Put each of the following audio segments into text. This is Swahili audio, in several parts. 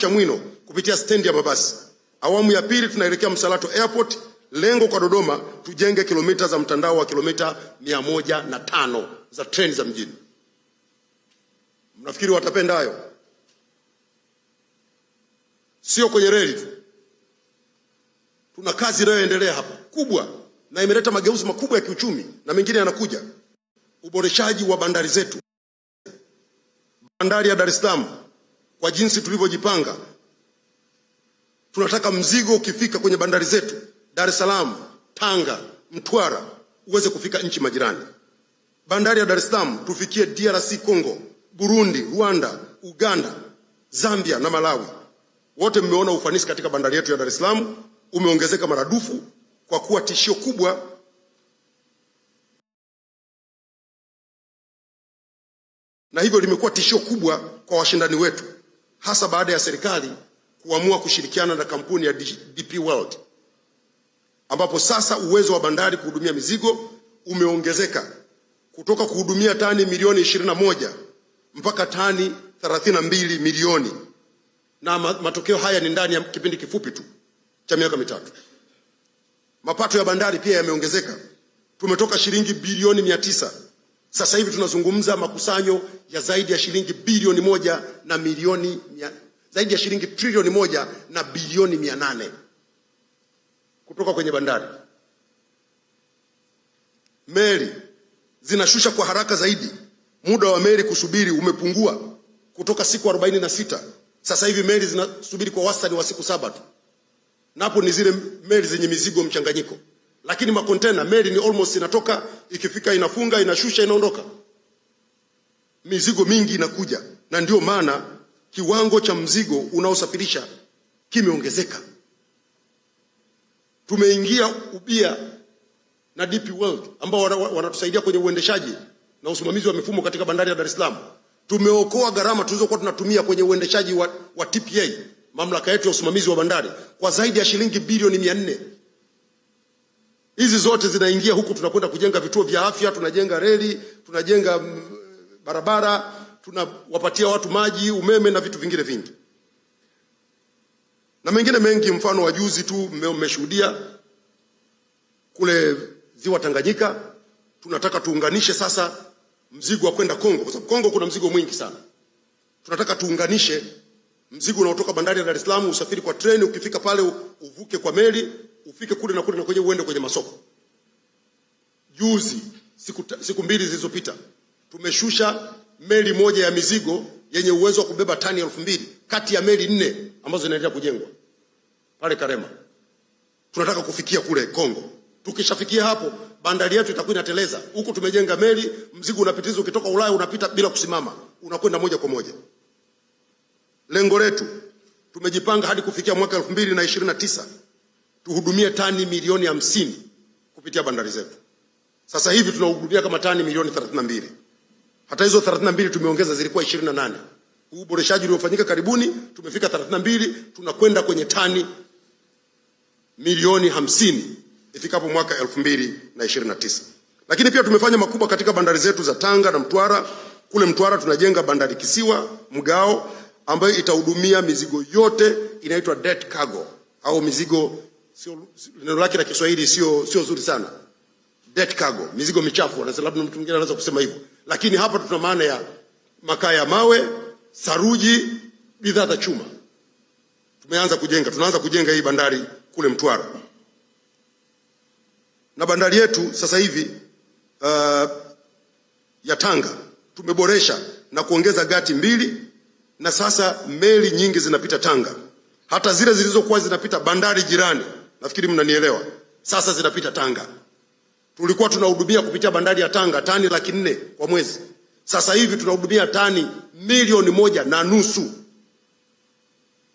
Chamwino kupitia stendi ya mabasi. Awamu ya pili tunaelekea Msalato Airport, lengo kwa Dodoma tujenge kilomita za mtandao wa kilomita mia moja na tano za treni za mjini. Mnafikiri watapenda hayo? Sio kwenye reli tu, tuna kazi inayoendelea hapa kubwa, na imeleta mageuzi makubwa ya kiuchumi na mengine yanakuja. Uboreshaji wa bandari zetu, bandari ya Dar es Salaam kwa jinsi tulivyojipanga. Tunataka mzigo ukifika kwenye bandari zetu Dar es Salaam, Tanga, Mtwara uweze kufika nchi majirani. Bandari ya Dar es Salaam tufikie DRC Congo, Burundi, Rwanda, Uganda, Zambia na Malawi. Wote mmeona ufanisi katika bandari yetu ya Dar es Salaam umeongezeka maradufu kwa kuwa tishio kubwa na hivyo limekuwa tishio kubwa kwa washindani wetu hasa baada ya serikali kuamua kushirikiana na kampuni ya DP World ambapo sasa uwezo wa bandari kuhudumia mizigo umeongezeka kutoka kuhudumia tani milioni 21 mpaka tani 32 milioni, na matokeo haya ni ndani ya kipindi kifupi tu cha miaka mitatu. Mapato ya bandari pia yameongezeka, tumetoka shilingi bilioni mia tisa sasa hivi tunazungumza makusanyo ya zaidi ya shilingi bilioni moja na milioni mia, zaidi ya shilingi trilioni moja na bilioni mia nane kutoka kwenye bandari. Meli zinashusha kwa haraka zaidi, muda wa meli kusubiri umepungua kutoka siku arobaini na sita sasa hivi meli zinasubiri kwa wastani wa siku saba tu, napo ni zile meli zenye mizigo mchanganyiko, lakini makontena meli ni almost inatoka ikifika inafunga, inashusha, inaondoka. Mizigo mingi inakuja, na ndio maana kiwango cha mzigo unaosafirisha kimeongezeka. Tumeingia ubia na DP World ambao wanatusaidia kwenye uendeshaji na usimamizi wa mifumo katika bandari ya Dar es Salaam. Tumeokoa gharama tulizokuwa tunatumia kwenye uendeshaji wa, wa TPA mamlaka yetu ya usimamizi wa bandari kwa zaidi ya shilingi bilioni mia nne hizi zote zinaingia huku, tunakwenda kujenga vituo vya afya, tunajenga reli, tunajenga mm, barabara, tunawapatia watu maji, umeme na vitu vingine vingi na mengine mengi. Mfano wa juzi tu mmeshuhudia kule ziwa Tanganyika, tunataka tuunganishe sasa mzigo wa kwenda Kongo, kwa sababu Kongo kuna mzigo mwingi sana. Tunataka tuunganishe mzigo unaotoka bandari ya Dar es Salaam, usafiri kwa treni, ukifika pale uvuke kwa meli ufike kule na kule na kwenye uende kwenye masoko. Juzi siku, siku mbili zilizopita tumeshusha meli moja ya mizigo yenye uwezo wa kubeba tani elfu mbili kati ya meli nne ambazo zinaendelea kujengwa pale Karema. Tunataka kufikia kule Kongo. Tukishafikia hapo, bandari yetu itakuwa inateleza. Huku tumejenga meli, mzigo unapitizwa ukitoka Ulaya unapita bila kusimama, unakwenda moja kwa moja. Lengo letu tumejipanga hadi kufikia mwaka elfu mbili na ishirini na tisa tuhudumie tani milioni hamsini kupitia bandari zetu. Sasa hivi tunahudumia kama tani milioni na mbili. Hata hizo na mbili tumeongeza, zilikuwa ishirini 28. Huu uboreshaji uliofanyika karibuni, tumefika na mbili, tunakwenda kwenye tani milioni hamsini ifikapo mwaka elfu mbili na na tisa. Lakini pia tumefanya makubwa katika bandari zetu za Tanga na Mtwara. Kule Mtwara tunajenga bandari kisiwa Mgao ambayo itahudumia mizigo yote inaitwa dead cargo au mizigo sio neno lake la Kiswahili sio sio zuri sana, dead cargo, mizigo michafu, labda mtu mwingine anaweza kusema hivyo, lakini hapa tuna maana ya makaa ya mawe, saruji, bidhaa za chuma. Tumeanza kujenga, tunaanza kujenga hii bandari kule Mtwara na bandari yetu sasa hivi uh, ya Tanga tumeboresha na kuongeza gati mbili, na sasa meli nyingi zinapita Tanga, hata zile zilizokuwa zinapita bandari jirani nafikiri mnanielewa. Sasa zinapita Tanga. Tulikuwa tunahudumia kupitia bandari ya Tanga tani laki nne kwa mwezi, sasa hivi tunahudumia tani milioni moja na nusu.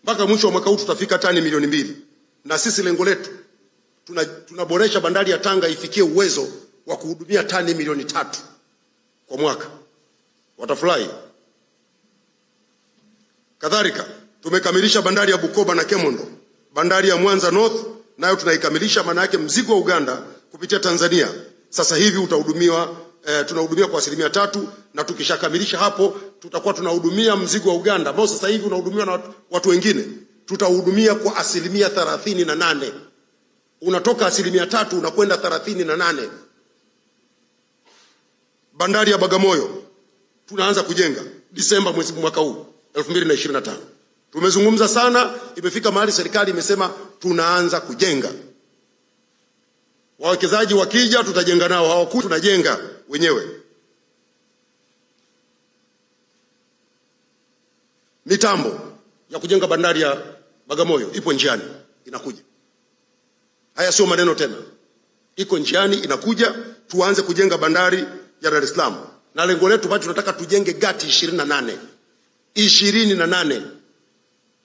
Mpaka mwisho wa mwaka huu tutafika tani milioni mbili, na sisi lengo letu tunaboresha tuna bandari ya Tanga ifikie uwezo wa kuhudumia tani milioni tatu kwa mwaka. Watafurahi. Kadhalika tumekamilisha bandari ya Bukoba na Kemondo, bandari ya Mwanza North nayo tunaikamilisha. Maana yake mzigo wa Uganda kupitia Tanzania sasa hivi utahudumiwa e, eh, tunahudumia kwa asilimia tatu, na tukishakamilisha hapo tutakuwa tunahudumia mzigo wa Uganda ambao sasa hivi unahudumiwa na watu wengine, tutahudumia kwa asilimia thelathini na nane. Unatoka asilimia tatu unakwenda thelathini na nane. Bandari ya Bagamoyo tunaanza kujenga Disemba mwezi mwaka huu 2025. Tumezungumza sana, imefika mahali serikali imesema tunaanza kujenga. Wawekezaji wakija, tutajenga nao, hawakuja, tunajenga wenyewe. Mitambo ya kujenga bandari ya Bagamoyo ipo njiani, inakuja. Haya sio maneno tena, iko njiani, inakuja. Tuanze kujenga bandari ya Dar es Salaam, na lengo letu bado tunataka tujenge gati ishirini na nane ishirini na nane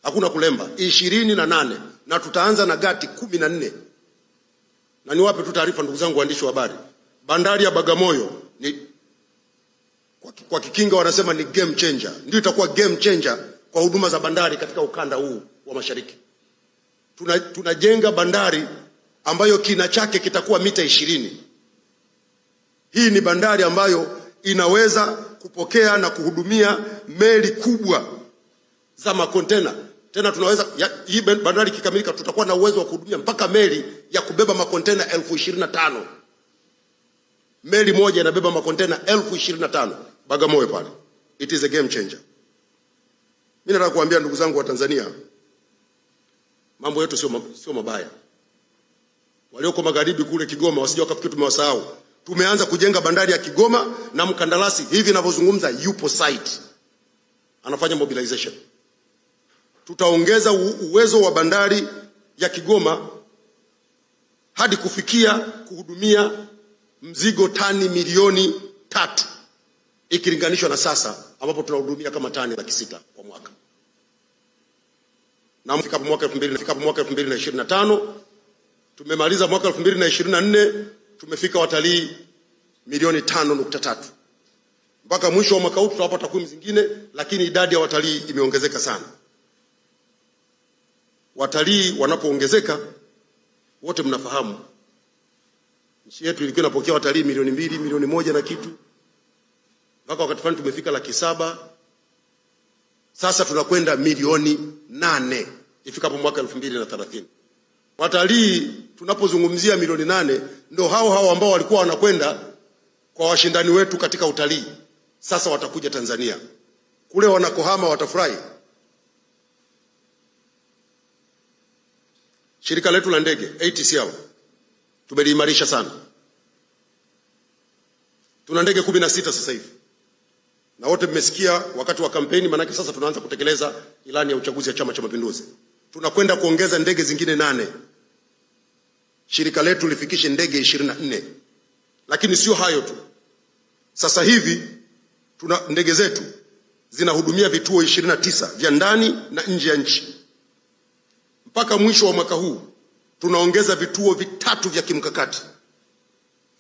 hakuna kulemba, ishirini na nane na tutaanza na gati kumi na nne na niwape tu taarifa, ndugu zangu waandishi wa habari, bandari ya Bagamoyo ni kwa, kwa Kikinga wanasema ni game changer, ndio itakuwa game changer kwa huduma za bandari katika ukanda huu wa mashariki. Tunajenga tuna bandari ambayo kina chake kitakuwa mita ishirini. Hii ni bandari ambayo inaweza kupokea na kuhudumia meli kubwa za makontena tena tunaweza ya, hii bandari ikikamilika, tutakuwa na uwezo wa kuhudumia mpaka meli ya kubeba makontena elfu ishirini na tano. Meli moja inabeba makontena elfu ishirini na tano Bagamoyo pale. It is a game changer. Mimi nataka kuambia ndugu zangu wa Tanzania, mambo yetu sio sio mabaya. Walioko magharibi kule Kigoma wasije wakafikiri tumewasahau. Tumeanza kujenga bandari ya Kigoma na mkandarasi hivi ninavyozungumza yupo site anafanya mobilization tutaongeza uwezo wa bandari ya Kigoma hadi kufikia kuhudumia mzigo tani milioni tatu ikilinganishwa na sasa ambapo tunahudumia kama tani laki sita kwa mwaka na ifikapo mwaka 2025 tumemaliza mwaka 2024 tumefika watalii milioni tano nukta tatu mpaka mwisho wa mwaka huu tutawapa takwimu zingine, lakini idadi ya watalii imeongezeka sana watalii wanapoongezeka, wote mnafahamu nchi yetu ilikuwa inapokea watalii milioni mbili, milioni moja na kitu, mpaka wakati fulani tumefika laki saba, sasa tunakwenda milioni nane ifikapo mwaka elfu mbili na thelathini. Watalii tunapozungumzia milioni nane, ndo hao hao ambao walikuwa wanakwenda kwa washindani wetu katika utalii, sasa watakuja Tanzania. Kule wanakohama watafurahi. Shirika letu la ndege ATCL tumeliimarisha sana, tuna ndege kumi na sita sasa hivi, na wote mmesikia wakati wa kampeni, maanake sasa tunaanza kutekeleza ilani ya uchaguzi ya Chama cha Mapinduzi. Tunakwenda kuongeza ndege zingine nane, shirika letu lifikishe ndege ishirini na nne. Lakini sio hayo tu, sasa hivi tuna ndege zetu zinahudumia vituo ishirini na tisa vya ndani na nje ya nchi mpaka mwisho wa mwaka huu tunaongeza vituo vitatu vya kimkakati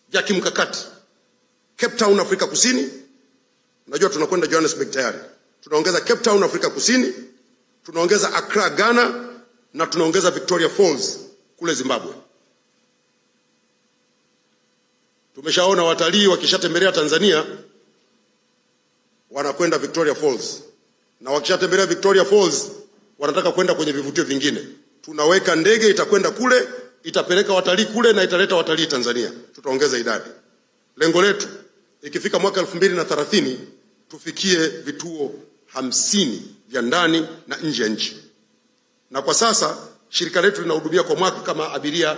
vya kimkakati Cape Town, Afrika Kusini. Unajua tunakwenda Johannesburg tayari. Tunaongeza Cape Town, Afrika Kusini, tunaongeza Accra, Ghana, na tunaongeza Victoria Falls kule Zimbabwe. Tumeshaona watalii wakishatembelea Tanzania wanakwenda Victoria Falls, na wakishatembelea Victoria Falls wanataka kwenda kwenye vivutio vingine tunaweka ndege itakwenda kule, itapeleka watalii kule na italeta watalii Tanzania, tutaongeza idadi. Lengo letu ikifika mwaka elfu mbili na thelathini tufikie vituo hamsini vya ndani na nje ya nchi, na kwa sasa shirika letu linahudumia kwa mwaka kama abiria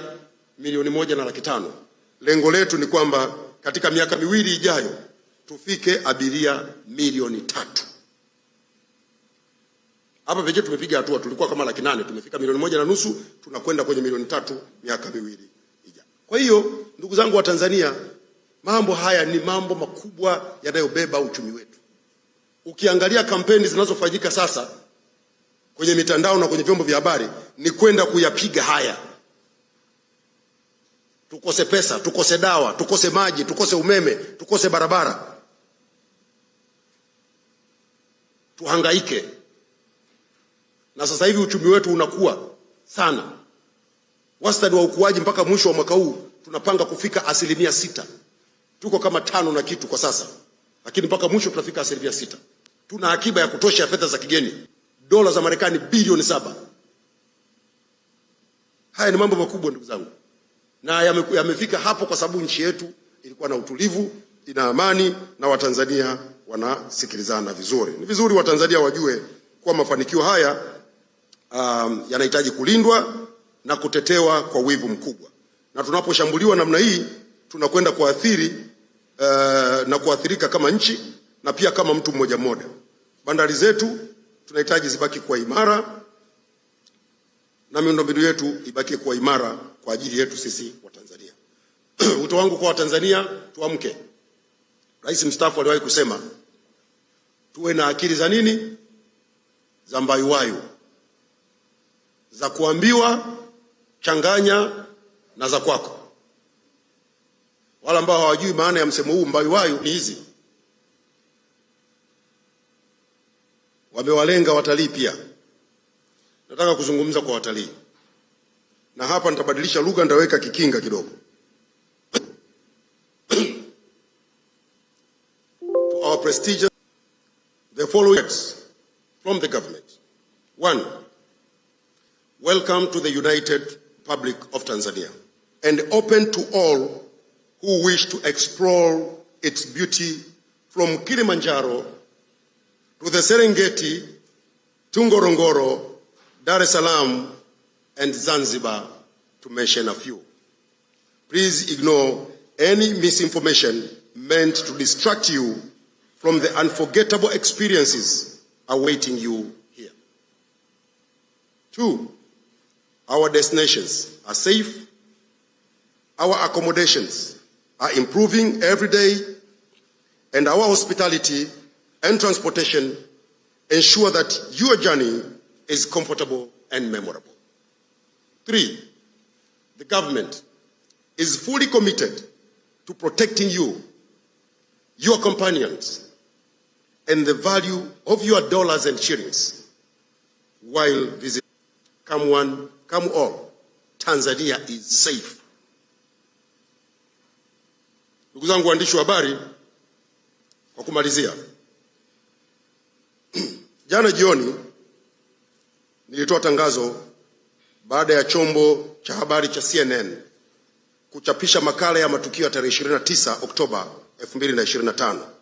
milioni moja na laki tano. Lengo letu ni kwamba katika miaka miwili ijayo tufike abiria milioni tatu. Hapa pekee tumepiga hatua, tulikuwa kama laki nane tumefika milioni moja na nusu, tunakwenda kwenye milioni tatu miaka miwili ija Kwa hiyo ndugu zangu wa Tanzania, mambo haya ni mambo makubwa yanayobeba uchumi wetu. Ukiangalia kampeni zinazofanyika sasa kwenye mitandao na kwenye vyombo vya habari ni kwenda kuyapiga haya. Tukose pesa, tukose dawa, tukose maji, tukose umeme, tukose barabara, tuhangaike na sasa hivi uchumi wetu unakuwa sana. Wastani wa ukuaji mpaka mwisho wa mwaka huu tunapanga kufika asilimia sita. Tuko kama tano na kitu kwa sasa, lakini mpaka mwisho tutafika asilimia sita. Tuna akiba ya kutosha ya fedha za kigeni dola za Marekani bilioni saba. Haya ni mambo makubwa ndugu zangu, na yamefika yame hapo kwa sababu nchi yetu ilikuwa na utulivu, ina amani na Watanzania wanasikilizana vizuri. Ni vizuri Watanzania wajue kuwa mafanikio haya um, yanahitaji kulindwa na kutetewa kwa wivu mkubwa, na tunaposhambuliwa namna hii tunakwenda kuathiri uh, na kuathirika kama nchi na pia kama mtu mmoja mmoja. Bandari zetu tunahitaji zibaki kuwa imara na miundombinu yetu ibaki kuwa imara kwa ajili yetu sisi Watanzania. Wito wangu kwa Watanzania, tuamke. Rais mstaafu aliwahi kusema tuwe na akili za nini, za mbayuwayu za kuambiwa changanya na za kwako. Wale ambao hawajui maana ya msemo huu mbayuwayu ni hizi, wamewalenga watalii pia. Nataka kuzungumza kwa watalii, na hapa nitabadilisha lugha, nitaweka kikinga kidogo our prestigious the following from the government one Welcome to the United Public of Tanzania and open to all who wish to explore its beauty from Kilimanjaro to the Serengeti, Tungorongoro, Dar es Salaam, and Zanzibar, to mention a few. Please ignore any misinformation meant to distract you from the unforgettable experiences awaiting you here. Two, our destinations are safe. Our accommodations are improving every day. And our hospitality and transportation ensure that your journey is comfortable and memorable. Three, the government is fully committed to protecting you, your companions, and the value of your dollars and shillings while visiting. Come one Come all, Tanzania is safe. Ndugu zangu waandishi wa habari, kwa kumalizia, jana jioni nilitoa tangazo baada ya chombo cha habari cha CNN kuchapisha makala ya matukio ya tarehe 29 Oktoba 2025